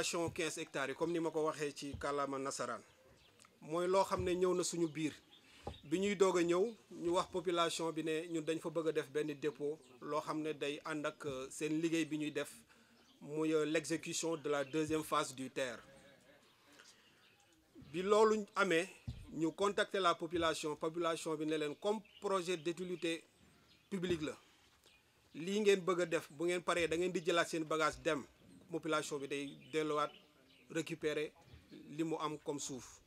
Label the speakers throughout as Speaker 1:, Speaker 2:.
Speaker 1: population 15 hectares comme ni ma ko waxee ci kàllaama nasaraan mooy loo xam ne ñëw na suñu biir bi ñuy doog a ñu wax population bi ne ñun dañ fa bëgg a def benn dépôt loo xam ne day ànd ak euh, seen liggéey bi ñuy def muy euh, l'exécution de la deuxième phase du terre. bi loolu amee ñu contacter la population population bi ne leen comme projet d'utilité publique la lii ngeen bëgg a def bu ngeen paree da ngeen di jëlaat seen bagage dem population bi day delluwaat récupérer li mu am comme suuf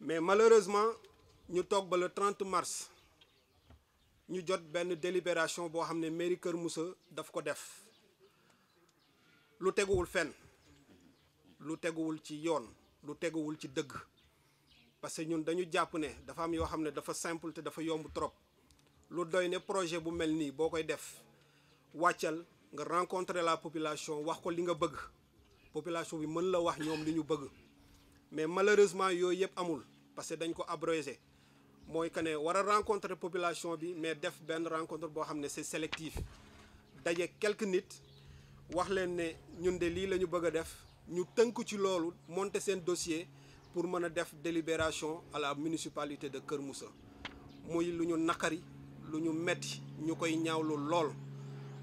Speaker 1: mais malheureusement ñu toog ba le 30 mars ñu jot benn délibération boo xam ne mairie Kër Moussa daf ko def lu teguwul fenn lu teguwul ci yoon lu teguwul ci dëgg parce que ñun dañu jàpp ne dafa am yoo xam ne dafa simple te dafa yomb trop lu doy ne projet bu mel nii boo koy def wàccal nga rencontrer la population wax ko li nga bëgg population bi mën la wax ñom li ñu bëgg mais malheureusement yooyu yëpp amul parce que dañ ko abrogé moy kané wara rencontrer population bi mais def ben rencontre bo xamné c'est sélectif dajé quelques nit wax leen né ñun dé li lañu bëgg def ñu tënk ci loolu monter sen dossier pour mëna def délibération à la municipalité de Keur Moussa moy luñu nakari luñu metti ñukoy ñaawlu lool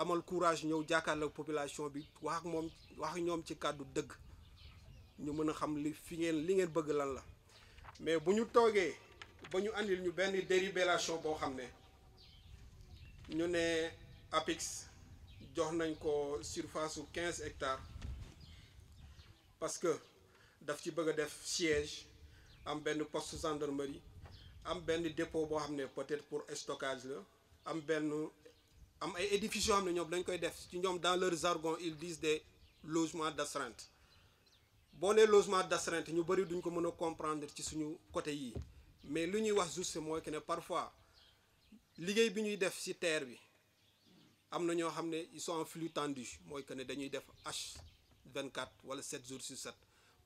Speaker 1: amal courage ñëw la population bi wax ak wax ñom ci cadre deug ñu mëna mais si nous bañu andil ñu nous délibération nous, xamné ñu ne APIX jox surface 15 hectares parce que daf ci def siège am benn poste gendarmerie am benn dépôt des xamné peut-être pour stockage am ay édifices yoo xam dañ koy def ci dans leur jargon ils disent des logements d'astreinte bo nee logement d'astreinte ñu bari duñ ko mëna comprendre ci suñu côté yi mais lu ñuy wax juste mooy que ne parfois liguey bi ñuy def ci terre bi amna ils sont en flux tendu moy que ne dañuy def H24 wala 7 jours sur 7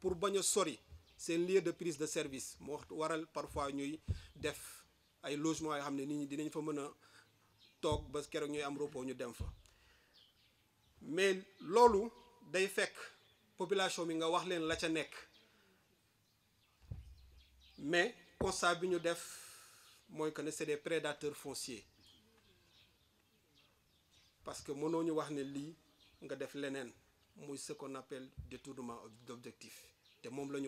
Speaker 1: pour baña sori c'est un lieu de prise de service mo waral parfois ñuy def ay logements yoo xam ne nit ñi dinañ fa mëna mais l'olu day population mi nga wax leen mais que des prédateurs fonciers parce que nous wax ce qu'on appelle détournement d'objectif te moom la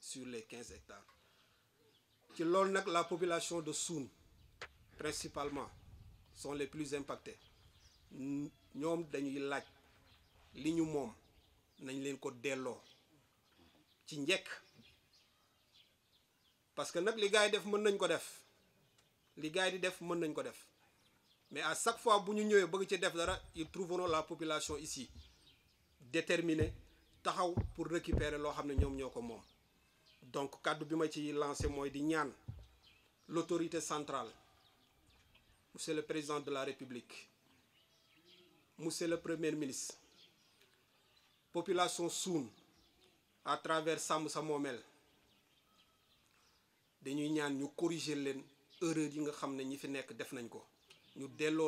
Speaker 1: sur les 15 hectares ci la population de Soun, principalement sont les plus impactés ñoom dañuy laaj li ñu moom nañ leen ko delloo ci njëkk parce que nag li gars yi def mën nañ ko def li gars di def mën nañ ko def mais à chaque fois bu ñu ñëwee bëgg ci def dara ils trouveront la population ici déterminée taxaw pour récupérer lo xamné ñom ñoko mom donc cadre bi ma ci lancé moy di ñaan l'autorité centrale monsieur le président de la république monsieur le premier ministre population Soun, à travers sa nous dañuy ñaan ñu corriger les erreur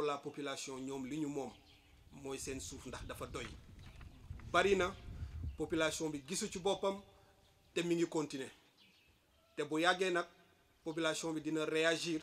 Speaker 1: la population nous li ñu ndax dafa population bi gisu ci te mi ngi continuer te bu population bi dina réagir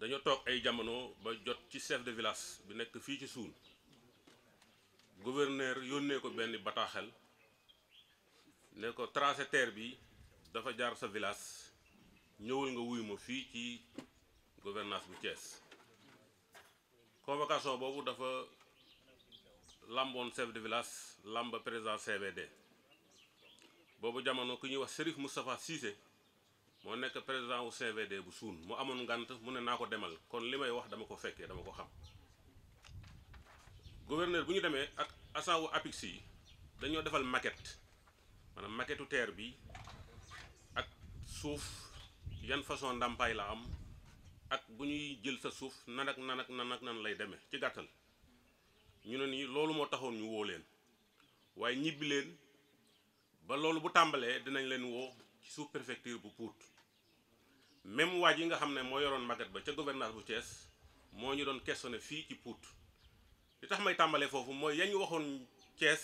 Speaker 2: dañoo toog ay jamono ba jot ci chef de village bi nekk fii ci suun gouverneur yónnee ko benn bataaxel ne ko tracé terre bi dafa jaar sa village ñëwal nga wuyu ma fii ci gouvernance bu Thiès convocation boobu dafa làmboon chef de village làmba président CVD boobu jamono ku ñuy wax Serif Moustapha Cissé moo nekk président wu CVD bu suun mu amoon ngànt mu ne naa ko demal kon li may wax dama ko fekkee dama ko xam gouverneur bu ñu demee ak asawu wu APIX dañoo defal maquette maanaam maquette teer bi ak suuf yan façon ndàmpaay la am ak bu ñuy jël sa suuf nan ak nan ak nan lay demee ci gàttal ñu ne nii loolu moo taxoon ñu woo leen waaye ñibbi leen ba loolu bu tàmbalee dinañ leen woo ci sous bu Pout même waa yi nga xam ne moo yoroon magat ba ca gouvernance bu Thiès moo ñu doon questionné fii ci Pout li tax may tàmbalee foofu mooy yañ waxoon Thiès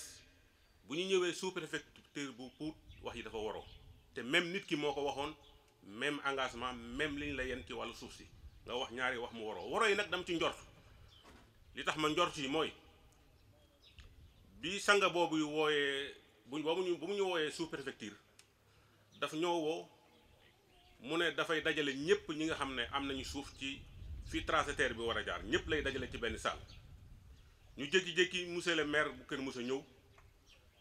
Speaker 2: bu ñu ñëwee sous préfecture bu Pout wax yi dafa waroo te même nit ki moo ko waxoon même engagement même li ñu la yenn ci wàllu suuf si nga wax ñaari wax mu waroo waroo yi nag dama ci njort li tax ma njort yi mooy bi sang boobu wooyee buñ boobu ñu bu mu ñu wooyee sous daf ñoo woo mu ne dafay dajale ñëpp ñi nga xam ne am nañu suuf ci fii tracé terre bi war a jaar ñëpp lay dajale ci benn salle ñu jékki-jékki monsieur le maire bu Kër Moussa ñëw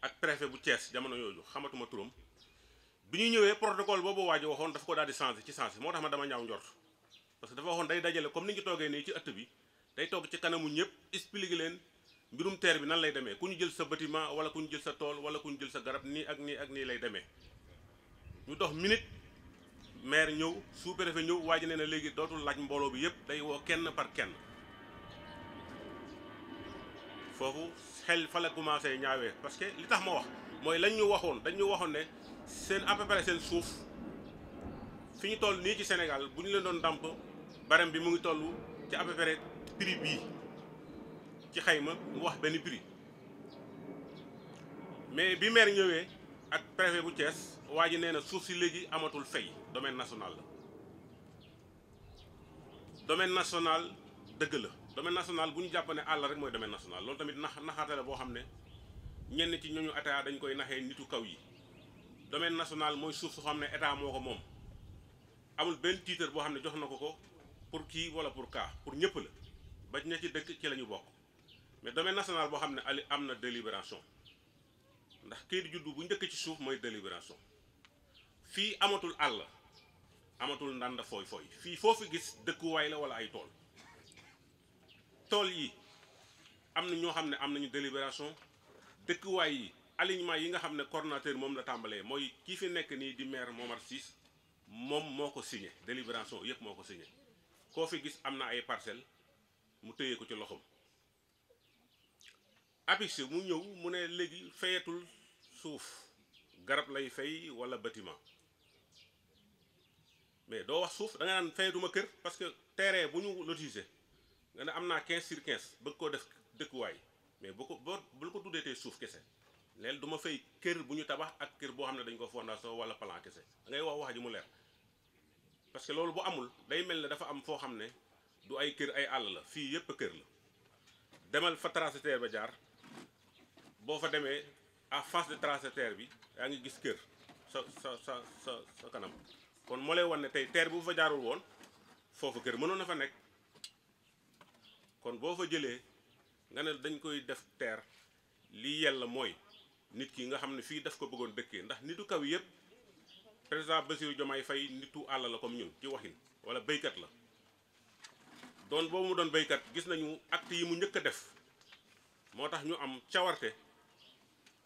Speaker 2: ak préfet bu Thiès jamono yooyu xamatuma turam bi ñu ñëwee protocole boobu waajo waxoon dafa ko daal di changé ci changé moo tax ma dama ñaaw njort parce que dafa waxoon day dajale comme ni ñu toogee nii ci ëtt bi day toog ci kanamu ñëpp expliqué leen mbirum teer bi nan lay demee ku ñu jël sa bâtiment wala ku ñu jël sa tool wala ku ñu jël sa nii ak nii ak nii lay demee ñu dox minit maire ñëw sous-préfet ñëw waa ji nee na léegi dootul laaj mbooloo bi yëpp day woo kenn par kenn foofu xel fa la commencé ñaawee parce que li tax ma wax mooy lañ ñu waxoon dañ waxoon ne seen à peu seen suuf fi ñu toll nii ci Sénégal bu ñu leen doon dàmp baram bi mu ngi toll ci à peu près bii ci xayma mu wax benn prix mais bi maire ñëwee ak préfet bu cees waa ji nee na suuf si léegi amatul fay domaine nationale la domaine national la domaine national bu ñu jàpp àll rek mooy domaine national loolu tamit nax naxaate boo xam ne ñenn ci ñooñu état dañ koy naxee nitu kaw yi domaine national mooy suuf su xam ne état moo ko moom amul benn titre boo xam ne jox na ko ko pour kii wala pour kaa pour ñëpp la ba ña ci dëkk ci la ñu bokk mais domaine national boo xam ne ali am na délibération ndax kayit juddu bu njëkk ci suuf mooy délibération fii amatul àll amatul ndànd fooy fooy fii foo fi gis dëkkuwaay la wala ay tool tool yi am na ñoo xam ne am nañu délibération dëkkuwaay yi alignement yi nga xam ne coordonnateur moom la tàmbalee mooy kii fi nekk nii di maire Momar Ciss moom moo ko signé délibération yëpp moo ko signé koo fi gis am na ay parcelles mu téye ko ci loxoom APIX mu ñëw mu ne léegi fayatul suuf garab lay fay wala bâtiment mais doo wax suuf da nga naan fay duma kër parce que terrain bu ñu lotisé nga ne am naa 15 sur 15 bëgg koo def dëkkuwaay mais bu ko boo bu ko tuddee tey suuf kese léegi du ma fay kër bu ñu tabax ak kër boo xam ne dañ ko fondation wala plan kese da ngay wax wax ji mu leer parce que loolu bu amul day mel ne dafa am foo xam ne du ay kër ay àll la fii yépp kër la demal fa tracé terre ba jaar boo fa demee à face de tracé bi yaa ngi gis kër sa sa sa sa sa kanam kon moo lay wan ne tey terre bu fa jaarul woon foofu kër mënoon na fa nekk kon boo fa jëlee nga ne dañ koy def terre lii yàlla mooy nit ki nga xam ne fii daf ko bëggoon dëkkee ndax nitu kaw yëpp président Bassirou Diomaye fay nitu àll la comme ñun ci waxin wala béykat la doon boobu mu doon béykat gis nañu at yi mu njëkk a def moo tax ñu am cawarte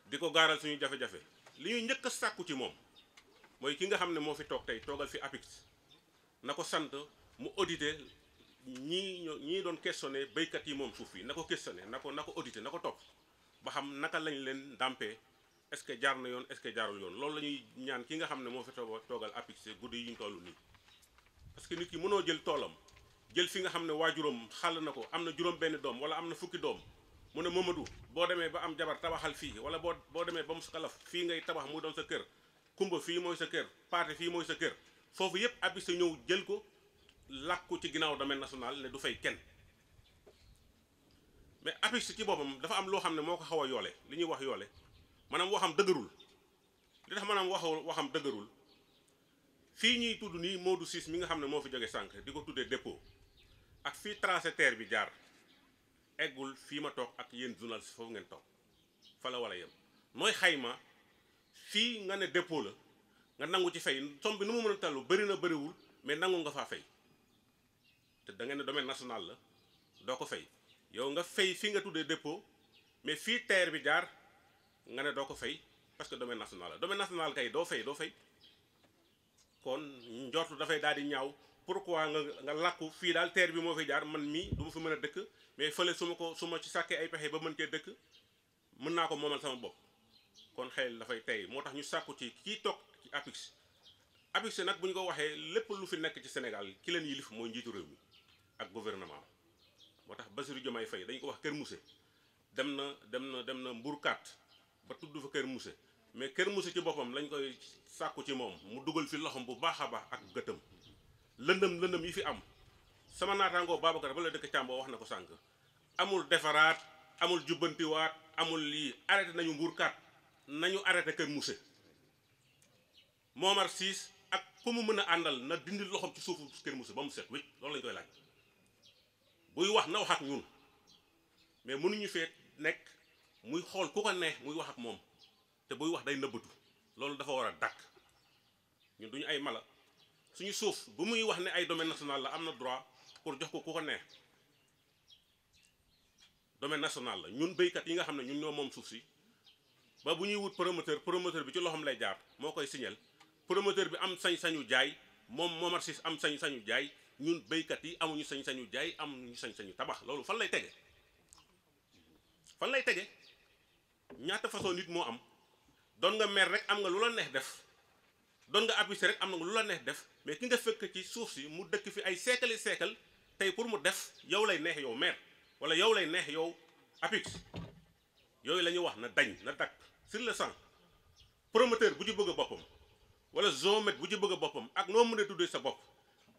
Speaker 2: di ko gaaral suñu jafe-jafe li ñuy njëkk a sàkku ci moom mooy ki nga xam ne moo fi toog tey toogal fi APIX na ko sant mu auditer ñii ñoo ñii doon questionné béykat yi moom suuf yi na ko questionné na ko na ko auditer na ko topp ba xam naka lañ leen dàmpee est-ce que jaar na yoon est-ce que jaarul yoon loolu la ñuy ñaan ki nga xam ne moo fi toogal APIX guddi yi ñu toll nii. parce que nit ki mënoo jël toolam jël fi nga xam ne waa waajuram xàll na ko am na juróom-benn doom wala am na fukki doom mu ne Mamadou boo demee ba am jabar tabaxal fii wala boo boo demee ba mu sa fii ngay tabax mu doon sa kër. kumba fii mooy sa kër paate fii mooy sa kër foofu yépp abbi sa ñëw jël ko làkku ci ginnaaw domaine national ne du fay kenn mais APIX ci boppam dafa am loo xam ne moo ko xaw a yoole li ñuy wax yoole maanaam waxam dëgërul li tax maanaam wax waxam dëggërul fii ñuy tudd nii Modou Ciss mi nga xam ne moo fi jóge sànq di ko tuddee dépôt ak fii tracé terre bi jaar eggul fii ma toog ak yéen si foofu ngeen toog fa la wala yem mooy xayma fii nga ne dépôt la nga nangu ci fay somme bi nu mu mën a tallu bëri na bëriwul mais nangu nga faa fay te da ngeen ne domaine national la doo ko fay yow nga fay fii nga tuddee dépôt mais fii terre bi jaar nga ne doo ko fay parce que domaine national la domaine national kay doo fay doo fay kon njortu dafay daal di ñaaw pourquoi nga nga làkku fii daal terre bi moo fi jaar man mii du ma fi mën a dëkk mais fële su ma ko su ma ci sàkkee ay pexe ba mën cee dëkk mën naa ko moomal sama bopp kon xel dafay tey moo tax ñu sàkku ci kii toog ci APIX APIX nag bu ñu ko waxee lépp lu fi nekk ci Sénégal ki leen yilif mooy njiitu réew mi ak gouvernement moo tax Bassirou Diomaye Faye dañ ko wax Kër Mousse dem na dem na dem na Mbourkat ba tudd fa Kër Mousse mais Kër Mousse ci boppam lañ koy sàkku ci moom mu dugal fi loxom bu baax a baax ak gëtëm lëndëm lëndëm yi fi am sama naataangoo Babacar ba la dëkk Càmboo wax na ko sànq amul defaraat amul jubbantiwaat amul lii arrêté nañu Mbourkat nañu arrêté Kër Mousse Momar Ciss ak ku mu mën a àndal na dindi loxoom ci suufu Kër Mousse ba mu set wécc loolu lañ koy laaj buy wax na wax ak ñun mais mënuñu feet nekk muy xool ku ko neex muy wax ak moom te buy wax day nëbbatu loolu dafa war a dàkk ñun duñu ay mala suñu suuf bu muy wax ne ay domaine national la am na droit pour jox ko ku ko neex domaine national la ñun béykat yi nga xam ne ñun ñoo moom suuf si ba bu ñuy wut promoteur promoteur bi ci loxoom lay jaar moo koy signal promoteur bi am sañ-sañu jaay moom Momarcis am sañ-sañu jaay ñun béykat yi amuñu sañ-sañu jaay amuñu sañ-sañu tabax loolu fan lay tege fan lay tege ñaata façon nit moo am doon nga mer rek am nga lu la neex def doon nga appuyer rek am nga lu la neex def mais ki nga fekk ci suuf si mu dëkk fi ay siècle siècle tey pour mu def yow lay neex yow mer wala yow lay neex yow apix la ñuy wax na dañ na sur le sang promoteur bu ci bëgg boppam wala zoomètre bu ci bëgg boppam ak noo mën a tuddee sa bopp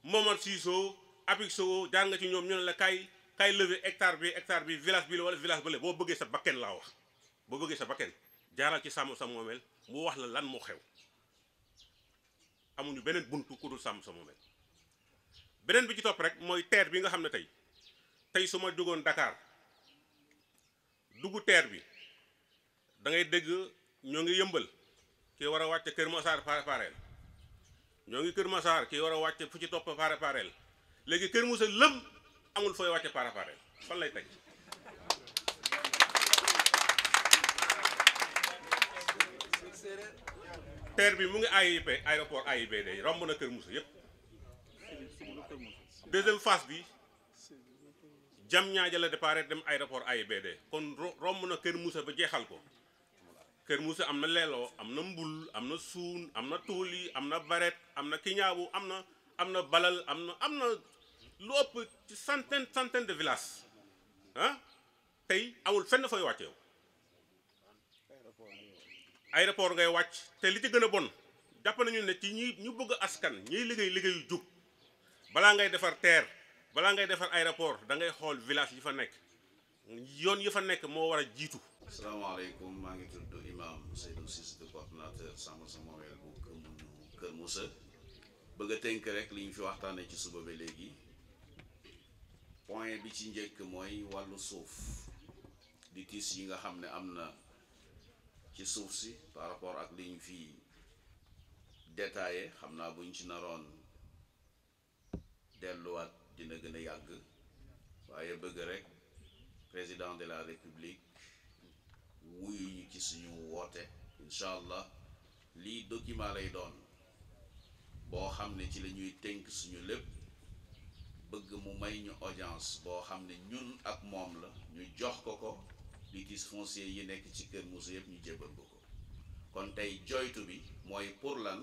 Speaker 2: moomal siisoo apixoo jaar nga ci ñoom ñu ne la kay kay levé ectare bi ectare bi village bi la wala village ba boo bëggee sa bakken laa wax boo bëggee sa bakken jaaral ci sàmm sa moomeel mu wax la lan moo xew amuñu beneen buntu ku sàmm sa moomeel beneen bi ci topp rek mooy terre bi nga xam ne tey tey su ma jugoon Dakar dugg terre bi da ngay dégg ñoo ngi yëmbal kii war a wàcc Kër Massar pare pareel ñoo ngi Kër Massar ki war a wàcc fu ci topp pare pareel léegi Kër Moussa lëm amul fooy wàcce pare pareel fan lay teg terre bi mu ngi AIP aéroport AIBD romb na Kër Moussa yépp deuxième phase bi jam ñaaja la départ dem aéroport AIBD kon romb na Kër Moussa ba jeexal ko Kër Moussa am na leeloo am na mbul am na suun am na tuuli am na baret am na kiñaabu am na am na balal am na am na lu ëpp ci centaine centaine de villages ah tey amul fenn fooy wàcce yow ngay wàcc te li ci gën bon jàpp nañu ne ci ñi ñu bëgg askan ñuy liggéey liggéeyu jub bala ngay defar teer balaa ngay defar aéroport da ngay xool village yi fa nekk yoon yi fa nekk moo war a jiitu salaamaaleykum maa ngi tudd imam Seydou Cissé di coordonnateur
Speaker 3: sàmm sa moomeel bu kër mu kër Moussa a tënk rek li ñu fi waxtaanee ci suba ba léegi point bi ci njëkk mooy wàllu suuf di yi nga xam ne am na ci suuf si par rapport ak li ñu fi détaillé xam naa buñ ci naroon delluwaat dina gën a yàgg waaye bëgg rek président de la république. wuyu ci suñu woote incha allah lii document lay doon boo xam ne ci la ñuy tënk suñu lépp bëgg mu may ñu audience boo xam ne ñun ak moom la ñu jox ko ko gis foncier yi nekk ci kër Moussa yëpp ñu jébal ko ko kon tey joytu bi mooy pour lan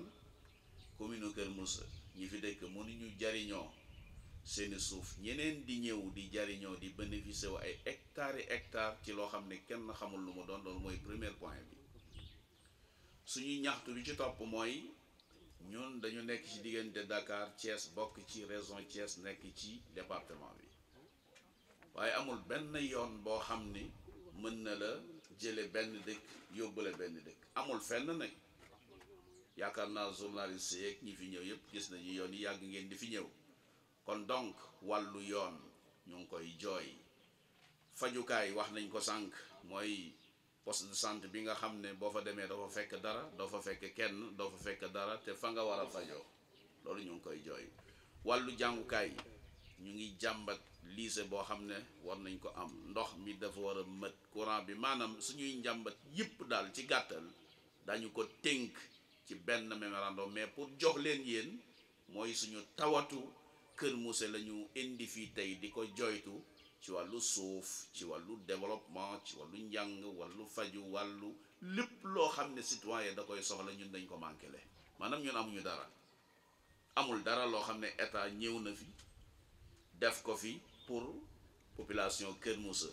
Speaker 3: commune Kër Moussa ñi fi dëkk mënuñu jariñoo seeni suuf ñeneen di ñëw di jariñoo di bénéficier wu ay hectares yi hectares ci loo xam ne kenn xamul lu mu doon loolu mooy premier point bi suñuy ñaxtu bi ci topp mooy ñun dañu nekk ci diggante Dakar Thiès bokk ci région Thiès nekk ci département bi waaye amul benn yoon boo xam ni mën na la jële benn dëkk yóbbu benn dëkk amul fenn nag yaakaar naa journaliste yeeg ñi fi ñëw yëpp gis nañu yoon yi yàgg ngeen di fi ñëw kon donc wallu yoon ñu ngi koy jooy fajukaay wax nañ ko sànq mooy poste de santé bi nga xam ne boo fa demee doo fa fekk dara doo fa fekk kenn doo fa fekk dara te fa nga war a fajoo loolu ñu ngi koy jooy wàllu jàngukaay ñu ngi jàmbat lycée boo xam ne war nañ ko am ndox mi dafa war a mët courant bi maanaam suñuy njàmbat yëpp daal ci gàttal dañu ko tënk ci benn mémorandum mais pour jox leen yéen mooy suñu tawatu Kër Mousse la ñu indi fii tey di ko joytu ci wàllu suuf ci wàllu développement ci wàllu njàng wàllu faju wàllu lépp loo xam ne citoyen da koy soxla ñun dañ ko manqué maanaam ñun amuñu dara amul dara loo xam ne état ñëw na fi def ko fi pour population Kër Mousse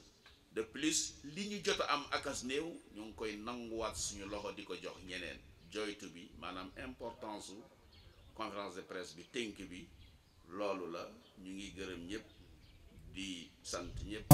Speaker 3: de plus li ñu jot am akas néew ñu ngi koy nanguwaat suñu loxo di ko jox ñeneen joytu bi maanaam importance su conférence de presse bi tënk bi loolu la ñu ngi gërëm ñëpp di sant ñëpp